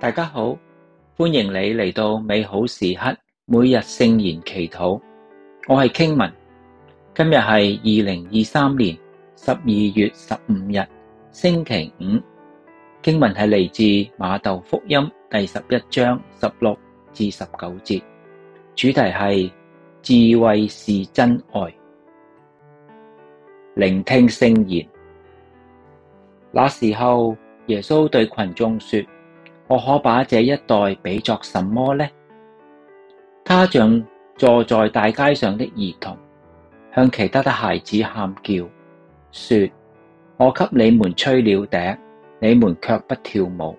大家好，歡迎你嚟到美好時刻每日聖言祈禱。我係傾文，今日係二零二三年十二月十五日星期五。經文係嚟自馬竇福音第十一章十六至十九節，主題係智慧是真愛。聆聽聖言。那時候耶穌對群眾說。我可把這一代比作什麼呢？他像坐在大街上的兒童，向其他的孩子喊叫，說：“我給你們吹了笛，你們卻不跳舞；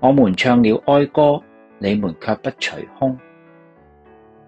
我們唱了哀歌，你們卻不捶胸；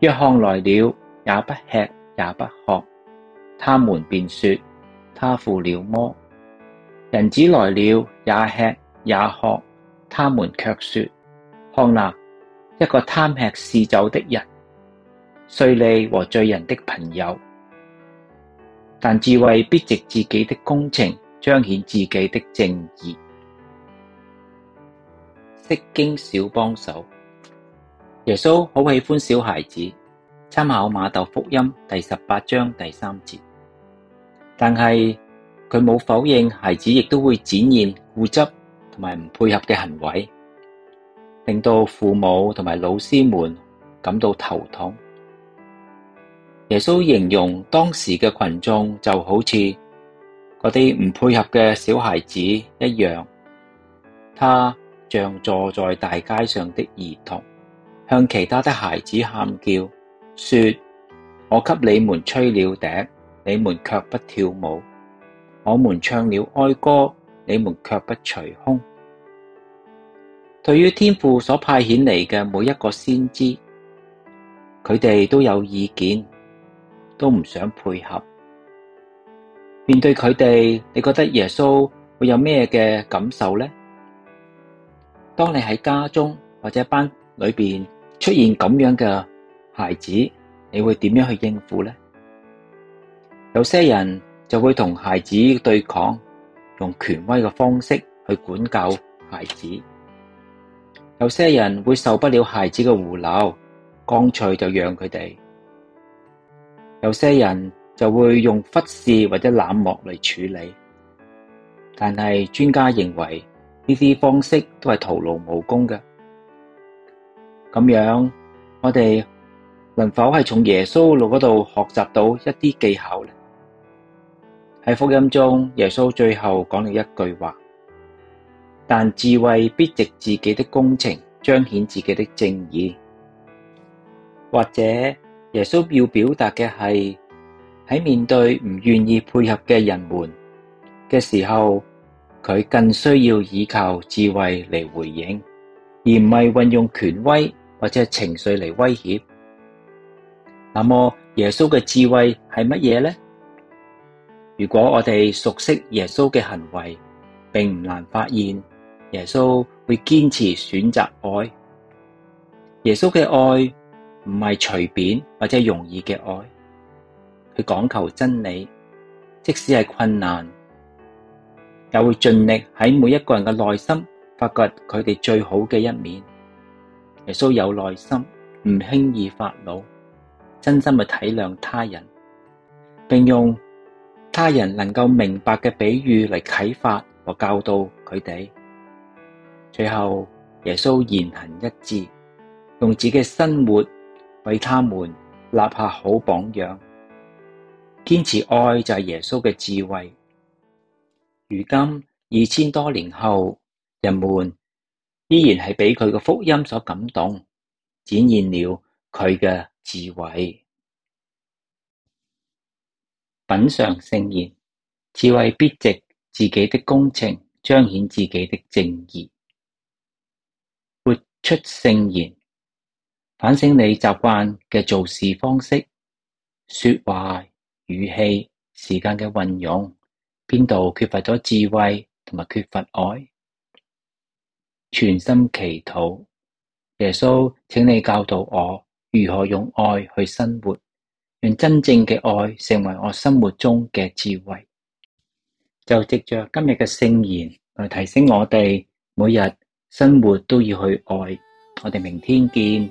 若翰來了，也不吃也不喝，他們便說：“他附了魔；人子來了，也吃也喝。他們却說：看哪，一個貪吃嗜酒的人，稅吏和罪人的朋友。但智慧必藉自己的工程，彰顯自己的正義。釋經小幫手，耶穌好喜歡小孩子。參考瑪竇福音第十八章第三節。但係佢冇否認，孩子亦都會展現固執。同埋唔配合嘅行為，令到父母同埋老師們感到頭痛。耶穌形容當時嘅群眾就好似嗰啲唔配合嘅小孩子一樣，它像坐在大街上的兒童，向其他的孩子喊叫，說：我給你們吹了笛，你們卻不跳舞；我們唱了哀歌。你們卻不捶胸，對於天父所派遣嚟嘅每一個先知，佢哋都有意見，都唔想配合。面對佢哋，你覺得耶穌會有咩嘅感受呢？當你喺家中或者班裏邊出現咁樣嘅孩子，你會點樣去應付呢？有些人就會同孩子對抗。用權威嘅方式去管教孩子，有些人會受不了孩子嘅胡鬧，乾脆就讓佢哋；有些人就會用忽視或者冷漠嚟處理。但係專家認為呢啲方式都係徒勞無功嘅。咁樣，我哋能否係從耶穌路嗰度學習到一啲技巧呢？喺福音中，耶穌最後講了一句話：「但智慧必藉自己的工程彰顯自己的正義。」或者耶穌要表達嘅係喺面對唔願意配合嘅人們嘅時候，佢更需要依靠智慧嚟回應，而唔係運用權威或者情緒嚟威脅。那麼耶穌嘅智慧係乜嘢呢？如果我哋熟悉耶穌嘅行為，並唔難發現耶穌會堅持選擇愛。耶穌嘅愛唔係隨便或者容易嘅愛，佢講求真理，即使係困難，又會盡力喺每一個人嘅內心發掘佢哋最好嘅一面。耶穌有耐心，唔輕易發怒，真心去體諒他人，並用他人能夠明白嘅比喻嚟啟發和教導佢哋。最後，耶穌言行一致，用自己嘅生活為他們立下好榜樣，堅持愛就係耶穌嘅智慧。如今二千多年後，人們依然係俾佢嘅福音所感動，展現了佢嘅智慧。品嘗聖言，智慧必藉自己的工程彰顯自己的正義；活出聖言，反省你習慣嘅做事方式、說話語氣、時間嘅運用，邊度缺乏咗智慧同埋缺乏愛？全心祈禱，耶穌，請你教導我如何用愛去生活。讓真正嘅愛成為我生活中嘅智慧，就藉着今日嘅聖言嚟提醒我哋，每日生活都要去愛。我哋明天見。